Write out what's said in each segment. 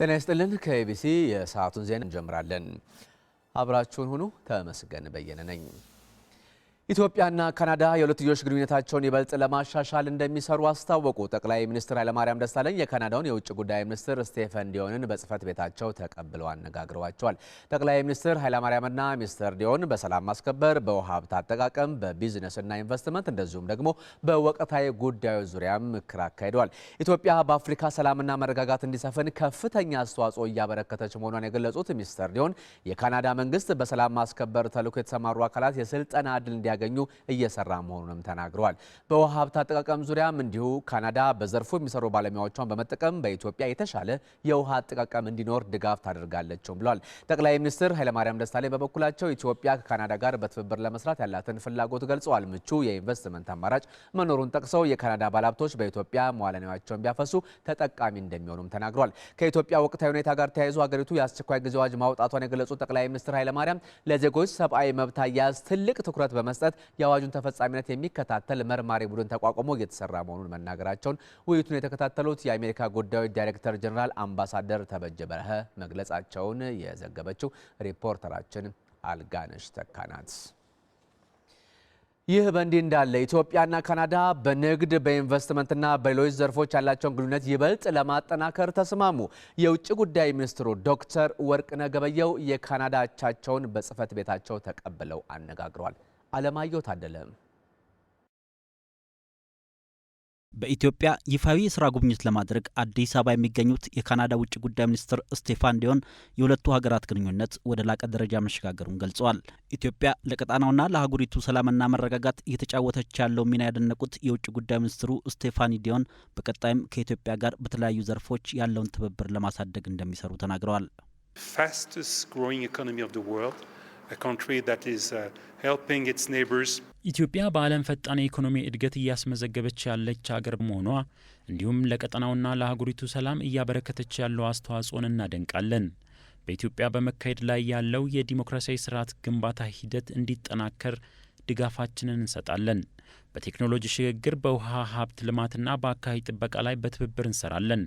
ጤና ይስጥልን። ከኤቢሲ የሰዓቱን ዜና እንጀምራለን። አብራችሁን ሁኑ። ተመስገን በየነ ነኝ። ኢትዮጵያና ካናዳ የሁለትዮሽ ግንኙነታቸውን ይበልጥ ለማሻሻል እንደሚሰሩ አስታወቁ። ጠቅላይ ሚኒስትር ኃይለማርያም ደሳለኝ የካናዳውን የውጭ ጉዳይ ሚኒስትር ስቴፈን ዲዮንን በጽህፈት ቤታቸው ተቀብለው አነጋግረዋቸዋል። ጠቅላይ ሚኒስትር ኃይለማርያምና ሚስተር ዲዮን በሰላም ማስከበር፣ በውሃ ሀብት አጠቃቀም፣ በቢዝነስና ኢንቨስትመንት እንደዚሁም ደግሞ በወቅታዊ ጉዳዮች ዙሪያም ምክር አካሂደዋል። ኢትዮጵያ በአፍሪካ ሰላምና መረጋጋት እንዲሰፍን ከፍተኛ አስተዋጽኦ እያበረከተች መሆኗን የገለጹት ሚስተር ዲዮን የካናዳ መንግስት በሰላም ማስከበር ተልዕኮ የተሰማሩ አካላት የስልጠና እድል እንዲያ እንዲያገኙ እየሰራ መሆኑንም ተናግረዋል። በውሃ ሀብት አጠቃቀም ዙሪያም እንዲሁ ካናዳ በዘርፉ የሚሰሩ ባለሙያዎቿን በመጠቀም በኢትዮጵያ የተሻለ የውሃ አጠቃቀም እንዲኖር ድጋፍ ታደርጋለችውም ብለዋል። ጠቅላይ ሚኒስትር ኃይለማርያም ደሳለኝ በበኩላቸው ኢትዮጵያ ከካናዳ ጋር በትብብር ለመስራት ያላትን ፍላጎት ገልጸዋል። ምቹ የኢንቨስትመንት አማራጭ መኖሩን ጠቅሰው የካናዳ ባለሀብቶች በኢትዮጵያ መዋለ ንዋያቸውን ቢያፈሱ ተጠቃሚ እንደሚሆኑም ተናግረዋል። ከኢትዮጵያ ወቅታዊ ሁኔታ ጋር ተያይዞ ሀገሪቱ የአስቸኳይ ጊዜ አዋጅ ማውጣቷን የገለጹት ጠቅላይ ሚኒስትር ኃይለማርያም ለዜጎች ሰብአዊ መብት አያያዝ ትልቅ ትኩረት በመስጠት በመስጠት የአዋጁን ተፈጻሚነት የሚከታተል መርማሪ ቡድን ተቋቁሞ እየተሰራ መሆኑን መናገራቸውን ውይይቱን የተከታተሉት የአሜሪካ ጉዳዮች ዳይሬክተር ጀኔራል አምባሳደር ተበጀ በረሀ መግለጻቸውን የዘገበችው ሪፖርተራችን አልጋነሽ ተካናት። ይህ በእንዲህ እንዳለ ኢትዮጵያና ካናዳ በንግድ በኢንቨስትመንትና በሌሎች ዘርፎች ያላቸውን ግንኙነት ይበልጥ ለማጠናከር ተስማሙ። የውጭ ጉዳይ ሚኒስትሩ ዶክተር ወርቅነህ ገበየሁ የካናዳ አቻቸውን በጽህፈት ቤታቸው ተቀብለው አነጋግረዋል። አለማየሁ ታደለ በኢትዮጵያ ይፋዊ የስራ ጉብኝት ለማድረግ አዲስ አበባ የሚገኙት የካናዳ ውጭ ጉዳይ ሚኒስትር ስቴፋን ዲዮን የሁለቱ ሀገራት ግንኙነት ወደ ላቀ ደረጃ መሸጋገሩን ገልጸዋል። ኢትዮጵያ ለቀጣናውና ለአህጉሪቱ ሰላምና መረጋጋት እየተጫወተች ያለው ሚና ያደነቁት የውጭ ጉዳይ ሚኒስትሩ ስቴፋኒ ዲዮን በቀጣይም ከኢትዮጵያ ጋር በተለያዩ ዘርፎች ያለውን ትብብር ለማሳደግ እንደሚሰሩ ተናግረዋል። Uh, ኢትዮጵያ በዓለም ፈጣን የኢኮኖሚ እድገት እያስመዘገበች ያለች ሀገር መሆኗ እንዲሁም ለቀጠናውና ለአህጉሪቱ ሰላም እያበረከተች ያለው አስተዋጽኦን እናደንቃለን። በኢትዮጵያ በመካሄድ ላይ ያለው የዲሞክራሲያዊ ስርዓት ግንባታ ሂደት እንዲጠናከር ድጋፋችንን እንሰጣለን። በቴክኖሎጂ ሽግግር፣ በውሃ ሀብት ልማትና በአካባቢ ጥበቃ ላይ በትብብር እንሰራለን።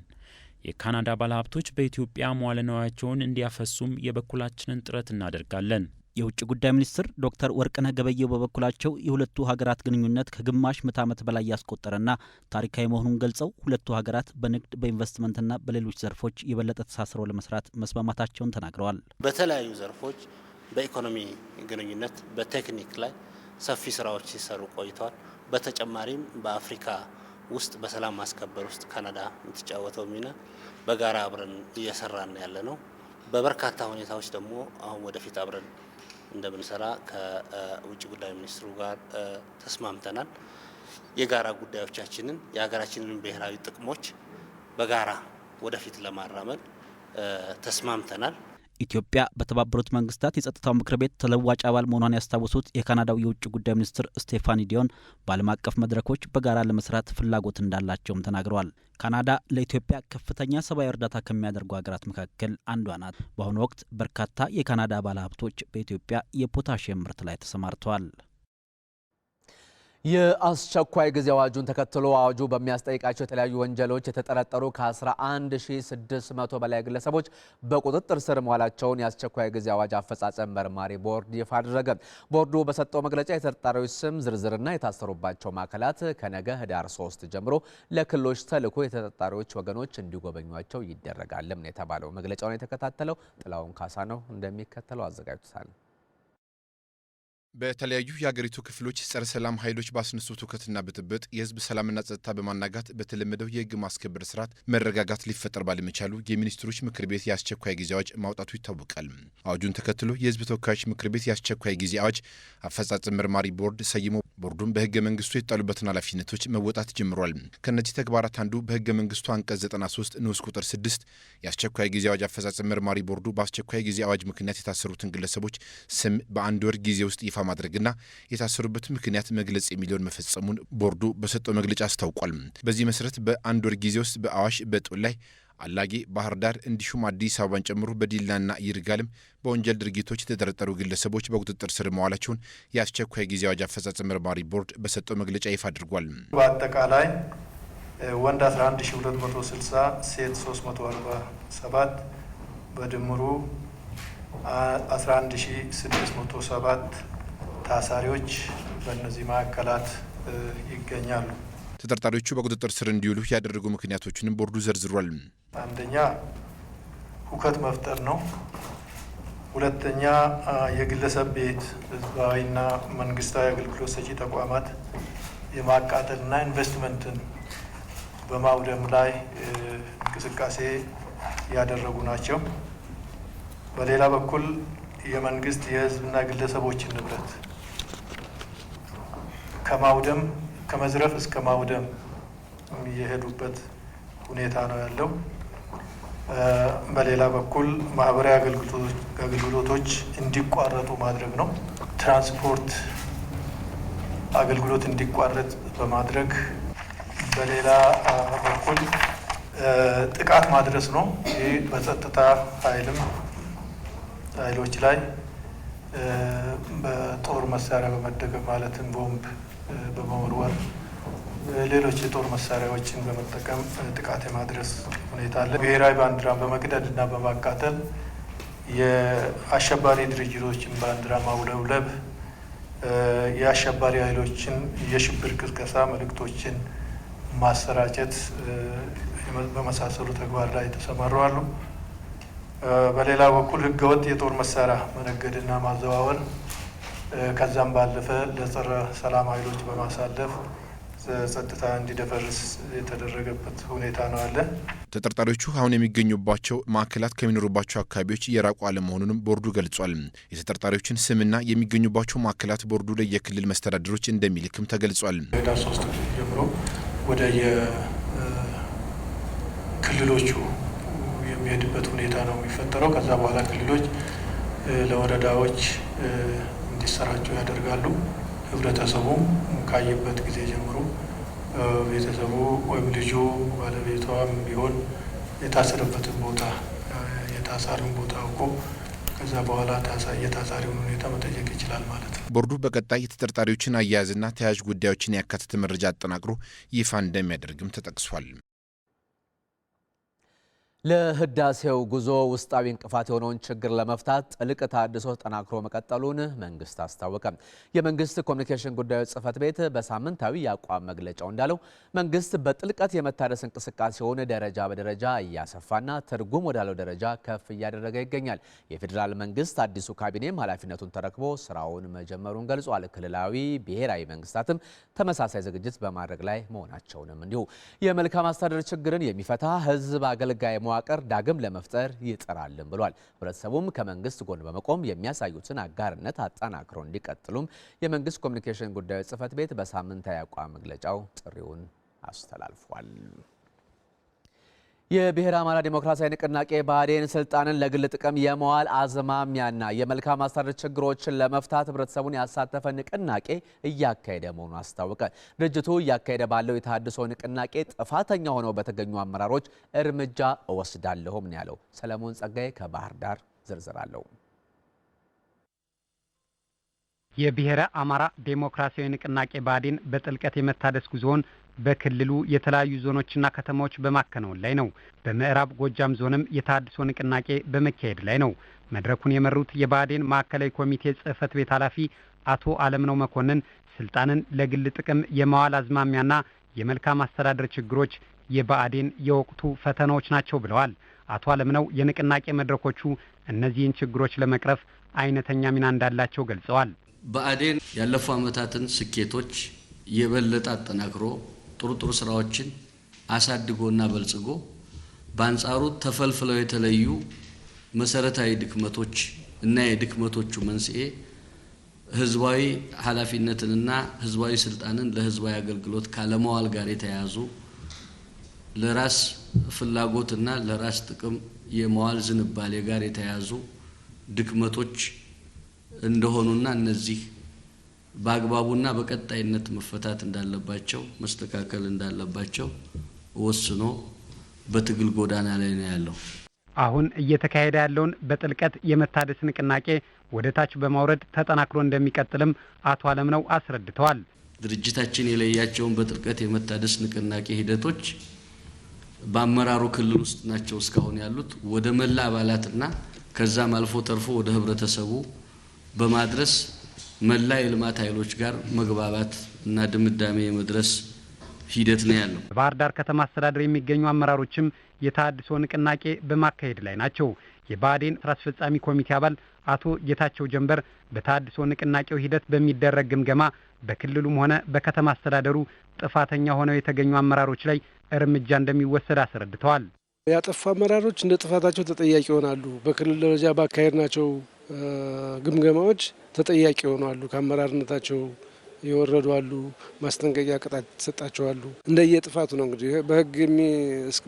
የካናዳ ባለሀብቶች በኢትዮጵያ መዋለ ንዋያቸውን እንዲያፈሱም የበኩላችንን ጥረት እናደርጋለን። የውጭ ጉዳይ ሚኒስትር ዶክተር ወርቅነህ ገበየው በበኩላቸው የሁለቱ ሀገራት ግንኙነት ከግማሽ ምዕተ ዓመት በላይ ያስቆጠረና ታሪካዊ መሆኑን ገልጸው ሁለቱ ሀገራት በንግድ በኢንቨስትመንትና በሌሎች ዘርፎች የበለጠ ተሳስረው ለመስራት መስማማታቸውን ተናግረዋል። በተለያዩ ዘርፎች በኢኮኖሚ ግንኙነት፣ በቴክኒክ ላይ ሰፊ ስራዎች ሲሰሩ ቆይተዋል። በተጨማሪም በአፍሪካ ውስጥ በሰላም ማስከበር ውስጥ ካናዳ የምትጫወተው ሚና በጋራ አብረን እየሰራን ያለ ነው። በበርካታ ሁኔታዎች ደግሞ አሁን ወደፊት አብረን እንደምንሰራ ከውጭ ጉዳይ ሚኒስትሩ ጋር ተስማምተናል። የጋራ ጉዳዮቻችንን የሀገራችንን ብሔራዊ ጥቅሞች በጋራ ወደፊት ለማራመድ ተስማምተናል። ኢትዮጵያ በተባበሩት መንግስታት የጸጥታው ምክር ቤት ተለዋጭ አባል መሆኗን ያስታወሱት የካናዳው የውጭ ጉዳይ ሚኒስትር ስቴፋኒ ዲዮን በዓለም አቀፍ መድረኮች በጋራ ለመስራት ፍላጎት እንዳላቸውም ተናግረዋል። ካናዳ ለኢትዮጵያ ከፍተኛ ሰብአዊ እርዳታ ከሚያደርጉ ሀገራት መካከል አንዷ ናት። በአሁኑ ወቅት በርካታ የካናዳ ባለሀብቶች በኢትዮጵያ የፖታሽየም ምርት ላይ ተሰማርተዋል። የአስቸኳይ ጊዜ አዋጁን ተከትሎ አዋጁ በሚያስጠይቃቸው የተለያዩ ወንጀሎች የተጠረጠሩ ከ11600 በላይ ግለሰቦች በቁጥጥር ስር መዋላቸውን የአስቸኳይ ጊዜ አዋጅ አፈጻጸም መርማሪ ቦርድ ይፋ አደረገ። ቦርዱ በሰጠው መግለጫ የተጠርጣሪዎች ስም ዝርዝርና የታሰሩባቸው ማዕከላት ከነገ ህዳር 3 ጀምሮ ለክልሎች ተልኮ የተጠርጣሪዎች ወገኖች እንዲጎበኟቸው ይደረጋልም ነው የተባለው። መግለጫውን የተከታተለው ጥላውን ካሳ ነው፣ እንደሚከተለው አዘጋጅቶታል። በተለያዩ የአገሪቱ ክፍሎች ጸረ ሰላም ኃይሎች ባስነሱት ውከትና ብጥብጥ የህዝብ ሰላምና ጸጥታ በማናጋት በተለመደው የህግ ማስከበር ስርዓት መረጋጋት ሊፈጠር ባለመቻሉ የሚኒስትሮች ምክር ቤት የአስቸኳይ ጊዜ አዋጅ ማውጣቱ ይታወቃል። አዋጁን ተከትሎ የህዝብ ተወካዮች ምክር ቤት የአስቸኳይ ጊዜ አዋጅ አፈጻጸም መርማሪ ቦርድ ሰይሞ ቦርዱም በህገ መንግስቱ የጣሉበትን ኃላፊነቶች መወጣት ጀምሯል። ከእነዚህ ተግባራት አንዱ በህገ መንግስቱ አንቀጽ 93 ንዑስ ቁጥር 6 የአስቸኳይ ጊዜ አዋጅ አፈጻጸም መርማሪ ቦርዱ በአስቸኳይ ጊዜ አዋጅ ምክንያት የታሰሩትን ግለሰቦች ስም በአንድ ወር ጊዜ ውስጥ ይፋ ይፋ ማድረግና የታሰሩበት ምክንያት መግለጽ የሚለውን መፈጸሙን ቦርዱ በሰጠው መግለጫ አስታውቋል። በዚህ መሰረት በአንድ ወር ጊዜ ውስጥ በአዋሽ ላይ አላጌ፣ ባህር ዳር እንዲሁም አዲስ አበባን ጨምሮ በዲላና ይርጋልም በወንጀል ድርጊቶች የተጠረጠሩ ግለሰቦች በቁጥጥር ስር መዋላቸውን የአስቸኳይ ጊዜ አዋጅ አፈጻጸም መርማሪ ቦርድ በሰጠው መግለጫ ይፋ አድርጓል። በአጠቃላይ ወንድ 11260 ሴት 347 በድምሩ 11607 ታሳሪዎች በእነዚህ ማዕከላት ይገኛሉ። ተጠርጣሪዎቹ በቁጥጥር ስር እንዲውሉ ያደረጉ ምክንያቶችንም ቦርዱ ዘርዝሯል። አንደኛ ሁከት መፍጠር ነው። ሁለተኛ የግለሰብ ቤት፣ ህዝባዊና መንግስታዊ አገልግሎት ሰጪ ተቋማት የማቃጠልና ኢንቨስትመንትን በማውደም ላይ እንቅስቃሴ ያደረጉ ናቸው። በሌላ በኩል የመንግስት የህዝብና ግለሰቦችን ንብረት ከማውደም ከመዝረፍ እስከ ማውደም የሄዱበት ሁኔታ ነው ያለው። በሌላ በኩል ማህበራዊ አገልግሎቶች እንዲቋረጡ ማድረግ ነው። ትራንስፖርት አገልግሎት እንዲቋረጥ በማድረግ በሌላ በኩል ጥቃት ማድረስ ነው። ይህ በጸጥታ ኃይልም ኃይሎች ላይ በጦር መሳሪያ በመደገፍ ማለትም ቦምብ በመወርወር ሌሎች የጦር መሳሪያዎችን በመጠቀም ጥቃት የማድረስ ሁኔታ አለ። ብሔራዊ ባንዲራን በመቅደድ እና በማቃጠል የአሸባሪ ድርጅቶችን ባንዲራ ማውለብለብ፣ የአሸባሪ ኃይሎችን የሽብር ቅስቀሳ መልእክቶችን ማሰራጨት በመሳሰሉ ተግባር ላይ ተሰማረዋሉ። በሌላ በኩል ህገወጥ የጦር መሳሪያ መነገድና ማዘዋወር ከዛም ባለፈ ለጸረ ሰላም ኃይሎች በማሳለፍ ጸጥታ እንዲደፈርስ የተደረገበት ሁኔታ ነው አለ። ተጠርጣሪዎቹ አሁን የሚገኙባቸው ማዕከላት ከሚኖሩባቸው አካባቢዎች የራቁ አለመሆኑንም ቦርዱ ገልጿል። የተጠርጣሪዎችን ስምና የሚገኙባቸው ማዕከላት ቦርዱ ለየክልል መስተዳድሮች እንደሚልክም ተገልጿል። ሄዳ ሶስት ጀምሮ ወደ የክልሎቹ የሚሄድበት ሁኔታ ነው የሚፈጠረው። ከዛ በኋላ ክልሎች ለወረዳዎች እንዲሰራጩ ያደርጋሉ። ህብረተሰቡም ካየበት ጊዜ ጀምሮ ቤተሰቡ ወይም ልጁ ባለቤቷም ቢሆን የታሰረበትን ቦታ የታሳሪውን ቦታ አውቆ ከዛ በኋላ የታሳሪውን ሁኔታ መጠየቅ ይችላል ማለት ነው። ቦርዱ በቀጣይ የተጠርጣሪዎችን አያያዝና ተያያዥ ጉዳዮችን ያካተተ መረጃ አጠናቅሮ ይፋ እንደሚያደርግም ተጠቅሷል። ለህዳሴው ጉዞ ውስጣዊ እንቅፋት የሆነውን ችግር ለመፍታት ጥልቅ ተሃድሶ ተጠናክሮ መቀጠሉን መንግስት አስታወቀ። የመንግስት ኮሚኒኬሽን ጉዳዮች ጽህፈት ቤት በሳምንታዊ የአቋም መግለጫው እንዳለው መንግስት በጥልቀት የመታደስ እንቅስቃሴውን ደረጃ በደረጃ እያሰፋና ትርጉም ወዳለው ደረጃ ከፍ እያደረገ ይገኛል። የፌዴራል መንግስት አዲሱ ካቢኔም ኃላፊነቱን ተረክቦ ስራውን መጀመሩን ገልጿል። ክልላዊ ብሔራዊ መንግስታትም ተመሳሳይ ዝግጅት በማድረግ ላይ መሆናቸውንም እንዲሁ የመልካም አስተዳደር ችግርን የሚፈታ ህዝብ አገልጋይ መዋቅር ዳግም ለመፍጠር ይጥራልን ብሏል። ህብረተሰቡም ከመንግስት ጎን በመቆም የሚያሳዩትን አጋርነት አጠናክሮ እንዲቀጥሉም የመንግስት ኮሚኒኬሽን ጉዳዮች ጽህፈት ቤት በሳምንታዊ አቋም መግለጫው ጥሪውን አስተላልፏል። የብሔረ አማራ ዲሞክራሲያዊ ንቅናቄ ብአዴን ስልጣንን ለግል ጥቅም የመዋል አዝማሚያና የመልካም አስተዳደር ችግሮችን ለመፍታት ህብረተሰቡን ያሳተፈ ንቅናቄ እያካሄደ መሆኑን አስታወቀ። ድርጅቱ እያካሄደ ባለው የተሃድሶ ንቅናቄ ጥፋተኛ ሆነው በተገኙ አመራሮች እርምጃ እወስዳለሁም ነው ያለው። ሰለሞን ጸጋዬ ከባህር ዳር ዝርዝር አለው። የብሔረ አማራ ዴሞክራሲያዊ ንቅናቄ ብአዴን በጥልቀት የመታደስ ጉዞውን በክልሉ የተለያዩ ዞኖችና ከተማዎች በማከናወን ላይ ነው። በምዕራብ ጎጃም ዞንም የታድሶ ንቅናቄ በመካሄድ ላይ ነው። መድረኩን የመሩት የብአዴን ማዕከላዊ ኮሚቴ ጽህፈት ቤት ኃላፊ አቶ አለምነው መኮንን ስልጣንን ለግል ጥቅም የመዋል አዝማሚያና የመልካም አስተዳደር ችግሮች የብአዴን የወቅቱ ፈተናዎች ናቸው ብለዋል። አቶ አለምነው የንቅናቄ መድረኮቹ እነዚህን ችግሮች ለመቅረፍ አይነተኛ ሚና እንዳላቸው ገልጸዋል። በአዴን ያለፉ ዓመታትን ስኬቶች የበለጠ አጠናክሮ ጥሩ ጥሩ ስራዎችን አሳድጎና በልጽጎ በአንጻሩ ተፈልፍለው የተለዩ መሰረታዊ ድክመቶች እና የድክመቶቹ መንስኤ ህዝባዊ ኃላፊነትንና ህዝባዊ ስልጣንን ለህዝባዊ አገልግሎት ካለመዋል ጋር የተያያዙ ለራስ ፍላጎትና ለራስ ጥቅም የመዋል ዝንባሌ ጋር የተያያዙ ድክመቶች እንደሆኑና እነዚህ በአግባቡና በቀጣይነት መፈታት እንዳለባቸው መስተካከል እንዳለባቸው ወስኖ በትግል ጎዳና ላይ ነው ያለው። አሁን እየተካሄደ ያለውን በጥልቀት የመታደስ ንቅናቄ ወደ ታች በማውረድ ተጠናክሮ እንደሚቀጥልም አቶ አለምነው አስረድተዋል። ድርጅታችን የለያቸውን በጥልቀት የመታደስ ንቅናቄ ሂደቶች በአመራሩ ክልል ውስጥ ናቸው እስካሁን ያሉት ወደ መላ አባላትና ከዛም አልፎ ተርፎ ወደ ህብረተሰቡ በማድረስ መላ የልማት ኃይሎች ጋር መግባባት እና ድምዳሜ የመድረስ ሂደት ነው ያለው። በባህር ዳር ከተማ አስተዳደር የሚገኙ አመራሮችም የተሃድሶ ንቅናቄ በማካሄድ ላይ ናቸው። የባህዴን ስራ አስፈጻሚ ኮሚቴ አባል አቶ ጌታቸው ጀንበር በተሃድሶ ንቅናቄው ሂደት በሚደረግ ግምገማ በክልሉም ሆነ በከተማ አስተዳደሩ ጥፋተኛ ሆነው የተገኙ አመራሮች ላይ እርምጃ እንደሚወሰድ አስረድተዋል። ያጠፉ አመራሮች እንደ ጥፋታቸው ተጠያቂ ይሆናሉ። በክልል ደረጃ ባካሄድ ናቸው ግምገማዎች ተጠያቂ የሆኑ አሉ። ከአመራርነታቸው የወረዱ አሉ። ማስጠንቀቂያ ቅጣት ተሰጣቸዋሉ። እንደየጥፋቱ ነው እንግዲህ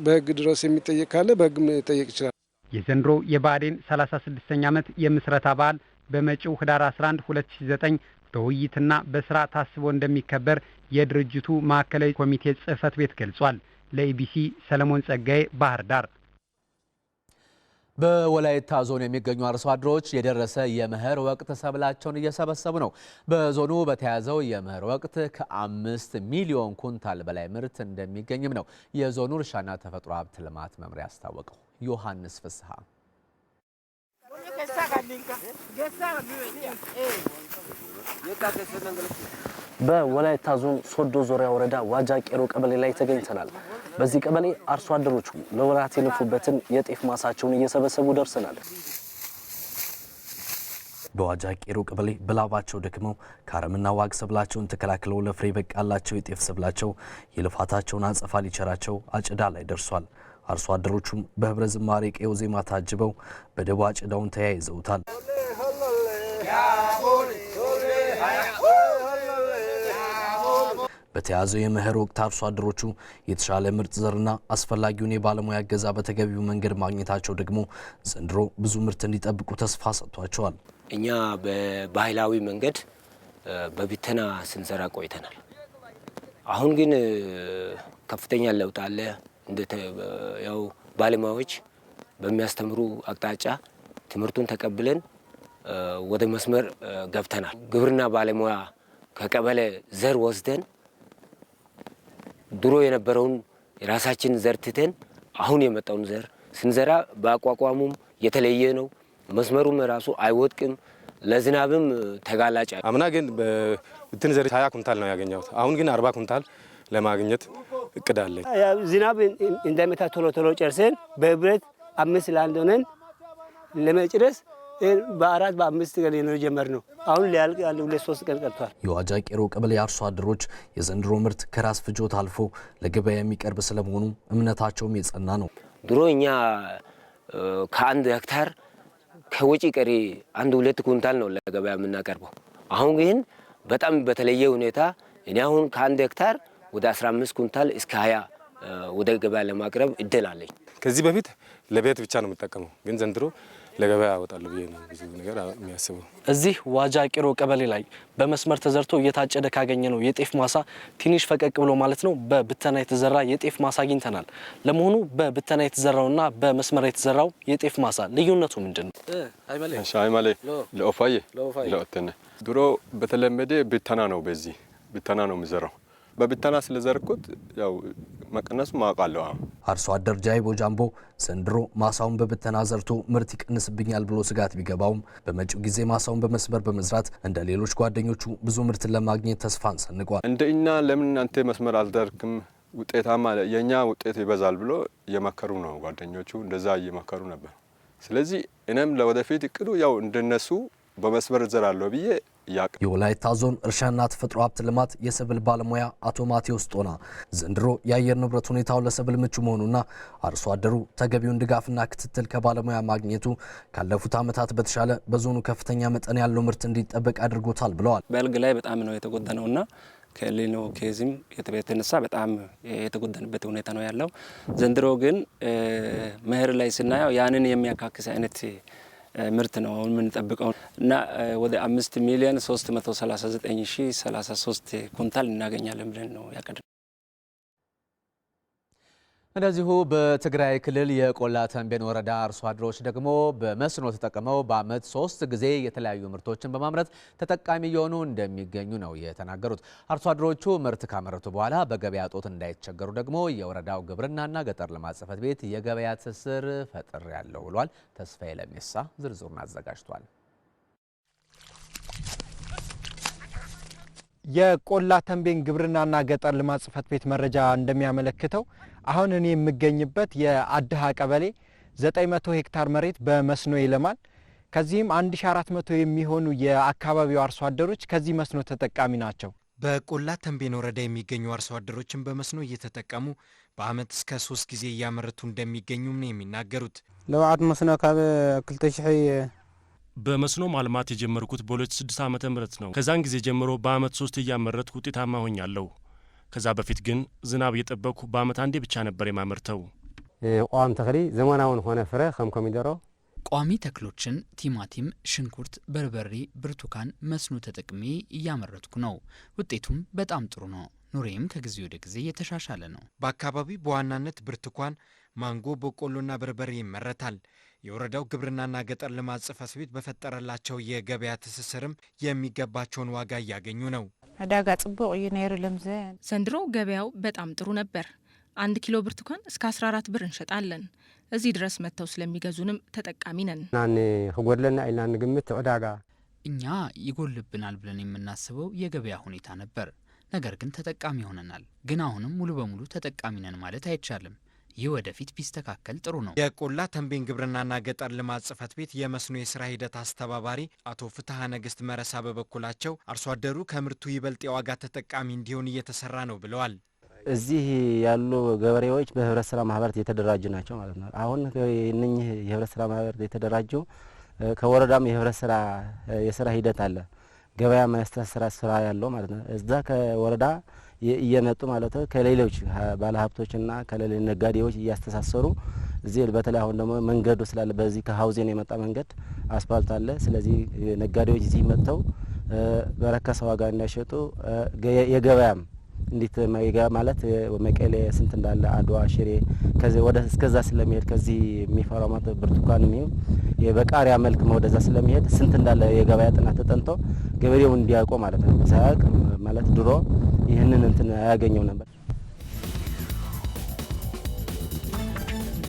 በህግ ድረስ የሚጠየቅ ካለ በህግ መጠየቅ ይችላል። የዘንድሮ የባዴን 36ኛ ዓመት የምስረታ በዓል በመጪው ህዳር 11 2009 በውይይትና በስራ ታስቦ እንደሚከበር የድርጅቱ ማዕከላዊ ኮሚቴ ጽህፈት ቤት ገልጿል። ለኢቢሲ ሰለሞን ጸጋዬ ባህር ዳር በወላይታ ዞን የሚገኙ አርሶ አደሮች የደረሰ የመኸር ወቅት ሰብላቸውን እየሰበሰቡ ነው። በዞኑ በተያዘው የመኸር ወቅት ከአምስት ሚሊዮን ኩንታል በላይ ምርት እንደሚገኝም ነው የዞኑ እርሻና ተፈጥሮ ሀብት ልማት መምሪያ አስታወቀው። ዮሐንስ ፍስሐ በወላይታ ዞን ሶዶ ዙሪያ ወረዳ ዋጃ ቄሮ ቀበሌ ላይ ተገኝተናል። በዚህ ቀበሌ አርሶ አደሮቹ ለወራት የለፉበትን የጤፍ ማሳቸውን እየሰበሰቡ ደርሰናል። በዋጃ ቄሮ ቀበሌ በላባቸው ደክመው ከአረምና ዋግ ሰብላቸውን ተከላክለው ለፍሬ በቃላቸው የጤፍ ሰብላቸው የልፋታቸውን አጸፋ ሊቸራቸው አጭዳ ላይ ደርሷል። አርሶ አደሮቹም በህብረ ዝማሬ ቀዮ ዜማ ታጅበው በደቦ አጭዳውን ተያይዘውታል። በተያዘው የመኸር ወቅት አርሶ አደሮቹ የተሻለ ምርጥ ዘርና አስፈላጊውን የባለሙያ እገዛ በተገቢው መንገድ ማግኘታቸው ደግሞ ዘንድሮ ብዙ ምርት እንዲጠብቁ ተስፋ ሰጥቷቸዋል። እኛ በባህላዊ መንገድ በቢተና ስንሰራ ቆይተናል። አሁን ግን ከፍተኛ ለውጥ አለ። ያው ባለሙያዎች በሚያስተምሩ አቅጣጫ ትምህርቱን ተቀብለን ወደ መስመር ገብተናል። ግብርና ባለሙያ ከቀበሌ ዘር ወስደን ድሮ የነበረውን የራሳችን ዘር ትተን አሁን የመጣውን ዘር ስንዘራ በአቋቋሙም የተለየ ነው። መስመሩም ራሱ አይወጥቅም፣ ለዝናብም ተጋላጭ። አምና ግን እንትን ዘር ሀያ ኩንታል ነው ያገኘሁት። አሁን ግን አርባ ኩንታል ለማግኘት እቅድ አለኝ። ዝናብ እንዳይመታ ቶሎ ቶሎ ጨርሰን በህብረት አምስት ለአንድ ሆነን ለመጨረስ በአራት በአምስት ቀን ነው የጀመርነው። አሁን ሊያልቅ አንድ ሁለት ሶስት ቀን ቀርቷል። የዋጃ ቄሮ ቀበሌ አርሶ አደሮች የዘንድሮ ምርት ከራስ ፍጆት አልፎ ለገበያ የሚቀርብ ስለመሆኑ እምነታቸውም የጸና ነው። ድሮ እኛ ከአንድ ሄክታር ከውጪ ቀሪ አንድ ሁለት ኩንታል ነው ለገበያ የምናቀርበው። አሁን ግን በጣም በተለየ ሁኔታ እኔ አሁን ከአንድ ሄክታር ወደ 15 ኩንታል እስከ 20 ወደ ገበያ ለማቅረብ እድል አለኝ። ከዚህ በፊት ለቤት ብቻ ነው የምጠቀመው፣ ግን ዘንድሮ ለገበያ ያወጣሉ ብዬ ነው ብዙ ነገር የሚያስበው። እዚህ ዋጃ ቂሮ ቀበሌ ላይ በመስመር ተዘርቶ እየታጨደ ካገኘ ነው የጤፍ ማሳ ትንሽ ፈቀቅ ብሎ ማለት ነው በብተና የተዘራ የጤፍ ማሳ አግኝተናል። ለመሆኑ በብተና የተዘራውና በመስመር የተዘራው የጤፍ ማሳ ልዩነቱ ምንድን ነው? አይማሌ ለኦፋዬ ለኦተነ ድሮ በተለመደ ብተና ነው በዚህ ብተና ነው የሚዘራው። በብተና ስለዘርኩት ያው መቀነሱ ማውቃለሁ። አርሶ አደር ጃይቦ ጃምቦ ዘንድሮ ማሳውን በብተና ዘርቶ ምርት ይቀንስብኛል ብሎ ስጋት ቢገባውም በመጪው ጊዜ ማሳውን በመስመር በመዝራት እንደ ሌሎች ጓደኞቹ ብዙ ምርትን ለማግኘት ተስፋን ሰንቋል። እንደ እኛ ለምን አንተ መስመር አልደርክም ውጤታማ የእኛ ውጤት ይበዛል ብሎ እየመከሩ ነው ጓደኞቹ፣ እንደዛ እየመከሩ ነበር። ስለዚህ እኔም ለወደፊት እቅዱ ያው እንደነሱ በመስመር እዘራለሁ ብዬ የወላይታ ዞን እርሻና ተፈጥሮ ሀብት ልማት የሰብል ባለሙያ አቶ ማቴዎስ ጦና ዘንድሮ የአየር ንብረት ሁኔታው ለሰብል ምቹ መሆኑና አርሶ አደሩ ተገቢውን ድጋፍና ክትትል ከባለሙያ ማግኘቱ ካለፉት ዓመታት በተሻለ በዞኑ ከፍተኛ መጠን ያለው ምርት እንዲጠበቅ አድርጎታል ብለዋል። በልግ ላይ በጣም ነው የተጎደነውና ከሌኖ ኬዝም የተነሳ በጣም የተጎደንበት ሁኔታ ነው ያለው። ዘንድሮ ግን መኸር ላይ ስናየው ያንን የሚያካክስ አይነት ምርት ነው አሁን የምንጠብቀው እና ወደ አምስት ሚሊዮን ሶስት መቶ ሰላሳ ዘጠኝ ሺ ሰላሳ ሶስት ኩንታል እናገኛለን ብለን ነው ያቀድነው። እንደዚሁ በትግራይ ክልል የቆላ ተንቤን ወረዳ አርሶ አደሮች ደግሞ በመስኖ ተጠቅመው በዓመት ሶስት ጊዜ የተለያዩ ምርቶችን በማምረት ተጠቃሚ እየሆኑ እንደሚገኙ ነው የተናገሩት። አርሶ አደሮቹ ምርት ካመረቱ በኋላ በገበያ እጦት እንዳይቸገሩ ደግሞ የወረዳው ግብርናና ገጠር ልማት ጽሕፈት ቤት የገበያ ትስስር ፈጥር ያለው ብሏል። ተስፋዬ ለሜሳ ዝርዝሩን አዘጋጅቷል። የቆላ ተንቤን ግብርናና ገጠር ልማት ጽሕፈት ቤት መረጃ እንደሚያመለክተው አሁን እኔ የምገኝበት የአድሃ ቀበሌ 900 ሄክታር መሬት በመስኖ ይለማል። ከዚህም 1400 የሚሆኑ የአካባቢው አርሶ አደሮች ከዚህ መስኖ ተጠቃሚ ናቸው። በቆላ ተንቤን ወረዳ የሚገኙ አርሶ አደሮችን በመስኖ እየተጠቀሙ በአመት እስከ ሶስት ጊዜ እያመረቱ እንደሚገኙም ነው የሚናገሩት። ለባዓድ መስኖ ካብ ክልተ ሽሕ በመስኖ ማልማት የጀመርኩት በ2006 ዓ ም ነው። ከዛን ጊዜ ጀምሮ በአመት ሶስት እያመረትኩ ውጤታማ ሆኛለሁ። ከዛ በፊት ግን ዝናብ እየጠበቅኩ በአመት አንዴ ብቻ ነበር የማመርተው። ቋሚ ተክሊ ዘመናውን ሆነ ፍረ ከም ኮሚደሮ ቋሚ ተክሎችን ቲማቲም፣ ሽንኩርት፣ በርበሬ፣ ብርቱካን መስኖ ተጠቅሜ እያመረትኩ ነው። ውጤቱም በጣም ጥሩ ነው። ኑሬም ከጊዜ ወደ ጊዜ የተሻሻለ ነው። በአካባቢው በዋናነት ብርቱካን፣ ማንጎ፣ በቆሎና በርበሬ ይመረታል። የወረዳው ግብርናና ገጠር ልማት ጽሕፈት ቤት በፈጠረላቸው የገበያ ትስስርም የሚገባቸውን ዋጋ እያገኙ ነው። ዕዳጋ ጽቡቅ እዩ ነይሩ ልምዘ ዘንድሮ ገበያው በጣም ጥሩ ነበር። አንድ ኪሎ ብርቱካን እስከ 14 ብር እንሸጣለን። እዚህ ድረስ መጥተው ስለሚገዙንም ተጠቃሚ ነን። ናን ከጎድለና አይና ግምት ዕዳጋ እኛ ይጎልብናል ብለን የምናስበው የገበያ ሁኔታ ነበር። ነገር ግን ተጠቃሚ ሆነናል። ግን አሁንም ሙሉ በሙሉ ተጠቃሚ ነን ማለት አይቻልም። ይህ ወደፊት ቢስተካከል ጥሩ ነው። የቆላ ተንቤን ግብርናና ገጠር ልማት ጽሕፈት ቤት የመስኖ የስራ ሂደት አስተባባሪ አቶ ፍትሐ ነገስት መረሳ በበኩላቸው አርሶ አደሩ ከምርቱ ይበልጥ የዋጋ ተጠቃሚ እንዲሆን እየተሰራ ነው ብለዋል። እዚህ ያሉ ገበሬዎች በህብረት ስራ ማህበራት የተደራጁ ናቸው ማለት ነው። አሁን እነኚህ የህብረት ስራ ማህበራት የተደራጁ ከወረዳም የህብረት ስራ የስራ ሂደት አለ ገበያ ማስተሳሰር ስራ ያለው ማለት ነው። እዛ ከወረዳ እየመጡ ማለት ነው ከሌሎች ባለሀብቶችና ከሌሎች ነጋዴዎች እያስተሳሰሩ እዚህ በተለይ አሁን ደግሞ መንገዱ ስላለ በዚህ ከሀውዜን የመጣ መንገድ አስፋልት አለ። ስለዚህ ነጋዴዎች እዚህ መጥተው በረከሰ ዋጋ እንዳይሸጡ የገበያም እንዴት ማለት መቀሌ ስንት እንዳለ አድዋ ሽሬ ወደ እስከዛ ስለሚሄድ ከዚህ የሚፈራው ማለት ብርቱካን ነው በቃሪያ መልክ ወደዛ ስለሚሄድ ስንት እንዳለ የገበያ ጥናት ተጠንቶ ገበሬው እንዲያውቀው ማለት ነው። ሳያውቅ ማለት ድሮ ይህንን እንትን አያገኘው ነበር።